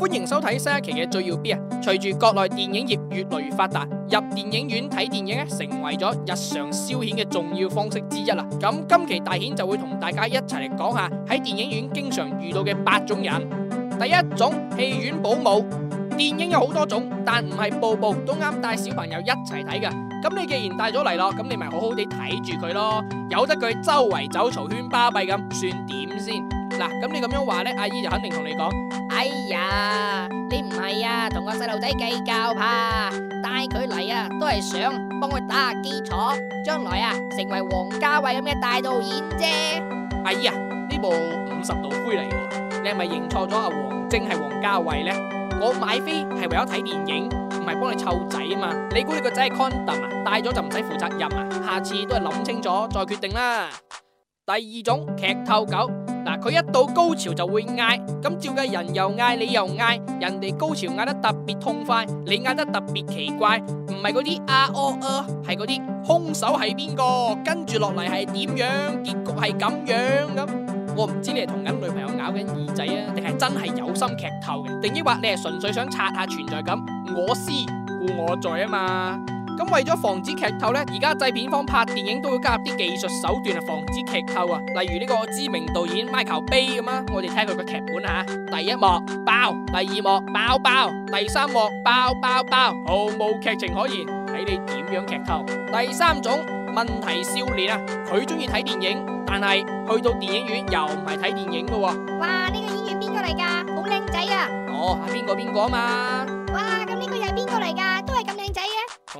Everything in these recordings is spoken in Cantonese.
歡迎收睇新一期嘅最要 B 啊！隨住國內電影業越嚟越發達，入電影院睇電影咧成為咗日常消遣嘅重要方式之一啦。咁今期大顯就會同大家一齊嚟講下喺電影院經常遇到嘅八種人。第一種，戲院保姆。電影有好多種，但唔係部部都啱帶小朋友一齊睇嘅。咁你既然帶咗嚟咯，咁你咪好好地睇住佢咯。由得佢周圍走，嘈喧巴閉咁，算點先？嗱，咁你咁樣話咧，阿姨就肯定同你講，哎呀，你唔係啊，同個細路仔計較怕帶佢嚟啊，都係想幫佢打下基礎，將來啊，成為王家衛咁嘅大導演啫。阿姨啊，呢部五十度灰嚟，你係咪認錯咗阿王晶係王家衛咧？我買飛係為咗睇電影，唔係幫你湊仔嘛。你估你個仔係 Condom 啊？帶咗就唔使負責任啊？下次都係諗清楚再決定啦。第二種劇透狗。佢一到高潮就會嗌，咁照嘅人又嗌，你又嗌，人哋高潮嗌得特別痛快，你嗌得特別奇怪，唔係嗰啲啊哦哦，係嗰啲凶手係邊個，跟住落嚟係點樣，結局係咁樣咁，我唔知道你係同緊女朋友咬緊耳仔啊，定係真係有心劇透嘅，定抑或你係純粹想刷下存在感咁，我思故我在啊嘛。咁為咗防止劇透呢，而家製片方拍電影都會加入啲技術手段啊，防止劇透啊。例如呢個知名導演 Michael Bay 咁啊，我哋聽佢個劇本啊。第一幕包，第二幕包包，第三幕包包包，毫無劇情可言，睇你點樣劇透。第三種問題少年啊，佢中意睇電影，但係去到電影院又唔係睇電影噶。哇，呢個演員邊個嚟噶？好靚仔啊！哦，係邊個邊個嘛？哇，咁呢個又係邊個嚟噶？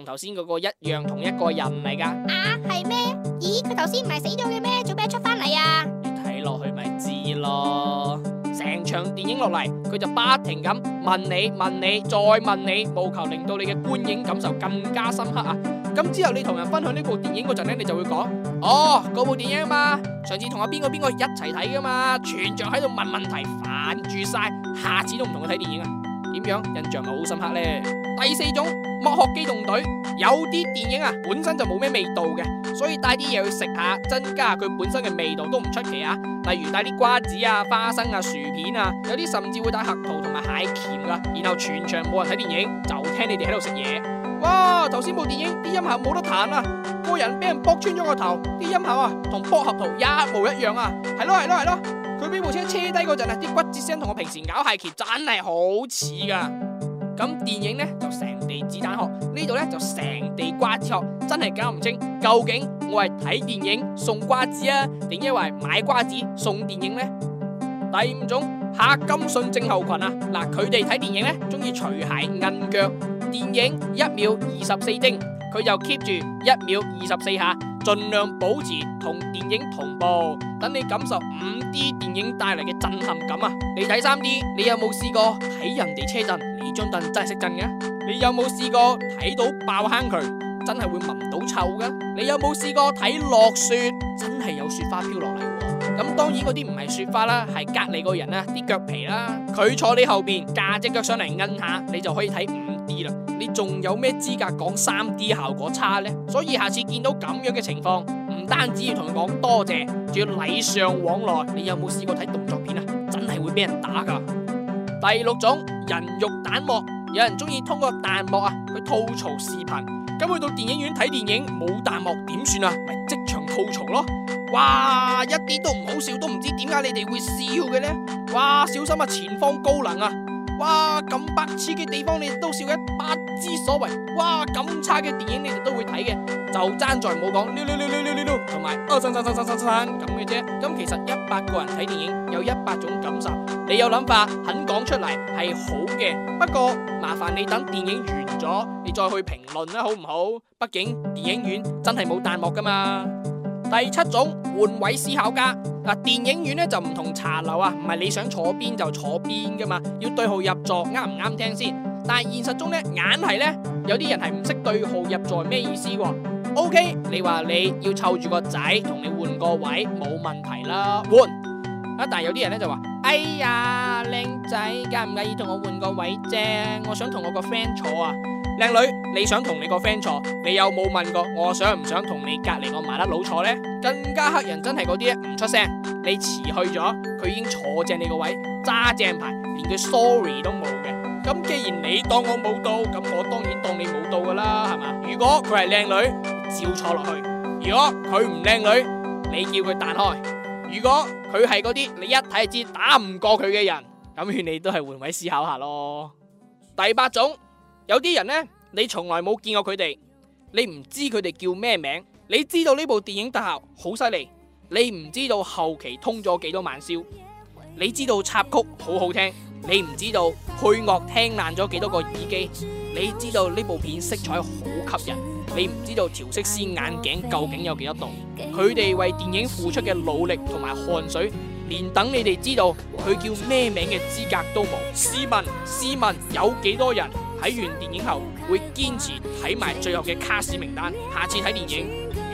同頭先嗰個一樣同一個人嚟噶，啊係咩？咦佢頭先唔係死咗嘅咩？做咩出翻嚟啊？你睇落去咪知咯，成場電影落嚟佢就不停咁問你問你再問你，務求令到你嘅觀影感受更加深刻啊！咁之後你同人分享呢部電影嗰陣咧，你就會講哦，嗰部電影啊嘛，上次同阿邊個邊個一齊睇噶嘛，全場喺度問問題，煩住晒，下次都唔同佢睇電影啊？點樣印象咪好深刻呢。第四種，剝殼機動隊，有啲電影啊，本身就冇咩味道嘅，所以帶啲嘢去食下，增加佢本身嘅味道都唔出奇啊。例如帶啲瓜子啊、花生啊、薯片啊，有啲甚至會帶核桃同埋蟹鉗噶、啊。然後全場冇人睇電影，就聽你哋喺度食嘢。哇！頭先部電影啲音效冇得彈啊，個人俾人剝穿咗個頭，啲音效啊同剝核桃一模一樣啊。係咯，係咯，係咯，佢俾部車車低嗰陣啊，啲骨折聲同我平時咬蟹鉗真係好似噶。咁電影咧就成地子彈殼，呢度咧就成地瓜子殼，真係搞唔清究竟我係睇電影送瓜子啊，定因為買瓜子送電影咧？第五種，柏金遜症候群啊，嗱，佢哋睇電影咧中意除鞋摁腳，電影一秒二十四幀，佢就 keep 住一秒二十四下。盡量保持同電影同步，等你感受五 D 電影帶嚟嘅震撼感啊！你睇三 D，你有冇試過睇人哋車震？你張凳真係識震嘅？你有冇試過睇到爆坑渠，真係會聞到臭噶？你有冇試過睇落雪，真係有雪花飄落嚟？咁當然嗰啲唔係雪花啦，係隔籬個人啦啲腳皮啦。佢坐你後面架隻腳上嚟摁下，你就可以睇。你仲有咩資格講 3D 效果差呢？所以下次見到咁樣嘅情況，唔單止要同佢講多謝，仲要禮尚往來。你有冇試過睇動作片啊？真係會俾人打噶。第六種，人肉彈幕，有人中意通過彈幕啊，去吐槽視頻。咁去到電影院睇電影，冇彈幕點算啊？咪即場吐槽咯。哇，一啲都唔好笑，都唔知點解你哋會笑嘅呢！哇，小心啊，前方高能啊！哇，咁白癡嘅地方你都笑一不知所謂，哇，咁差嘅電影你都會睇嘅，就爭在冇講，溜溜溜溜溜溜，同埋、哦，散散散散散散，咁嘅啫。咁其實一百個人睇電影，有一百種感受，你有諗法肯講出嚟係好嘅，不過麻煩你等電影完咗，你再去評論啦，好唔好？畢竟電影院真係冇彈幕噶嘛。第七種，換位思考家。嗱，電影院咧就唔同茶樓啊，唔係你想坐邊就坐邊噶嘛，要對號入座，啱唔啱聽先？但係現實中咧，硬係咧，有啲人係唔識對號入座係咩意思喎？OK，你話你要湊住個仔同你換個位，冇問題啦，換啊！但係有啲人咧就話，哎呀，靚仔，介唔介意同我換個位啫？我想同我個 friend 坐啊。靚女，你想同你個 friend 坐，你有冇問過我想唔想同你隔籬個麻甩佬坐咧？更加黑人真係嗰啲唔出聲，你遲去咗，佢已經坐正你個位，揸正牌，連句 sorry 都冇嘅。咁既然你當我冇到，咁我當然當你冇到噶啦，係嘛？如果佢係靚女，照坐落去；如果佢唔靚女，你叫佢彈開。如果佢係嗰啲你一睇就知打唔過佢嘅人，咁勸你都係換位思考下咯。第八種。有啲人呢，你從來冇見過佢哋，你唔知佢哋叫咩名，你知道呢部電影特效好犀利，你唔知道後期通咗幾多晚宵，你知道插曲好好聽，你唔知道配樂聽爛咗幾多個耳機，你知道呢部片色彩好吸引，你唔知道調色師眼鏡究竟有幾多度，佢哋為電影付出嘅努力同埋汗水，連等你哋知道佢叫咩名嘅資格都冇。試問，試問有幾多人？睇完電影後會堅持睇埋最後嘅卡司名單。下次睇電影，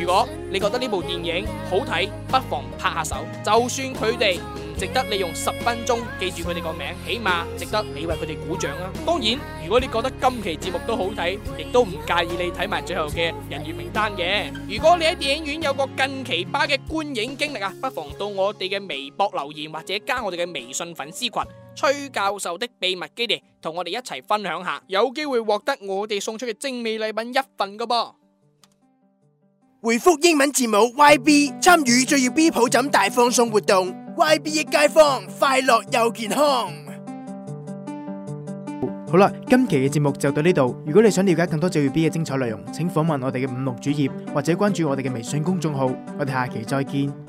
如果你覺得呢部電影好睇，不妨拍下手。就算佢哋唔值得你用十分鐘記住佢哋個名，起碼值得你為佢哋鼓掌啊！當然，如果你覺得今期節目都好睇，亦都唔介意你睇埋最後嘅人員名單嘅。如果你喺電影院有個更奇葩嘅觀影經歷啊，不妨到我哋嘅微博留言或者加我哋嘅微信粉絲群。崔教授的秘密基地，同我哋一齊分享下，有機會獲得我哋送出嘅精美禮品一份噶噃！回覆英文字母 YB 參與最耀 B 抱枕大放送活動，YB 益街坊快樂又健康。好啦，今期嘅節目就到呢度。如果你想了解更多最耀 B 嘅精彩內容，請訪問我哋嘅五六主頁或者關注我哋嘅微信公眾號。我哋下期再見。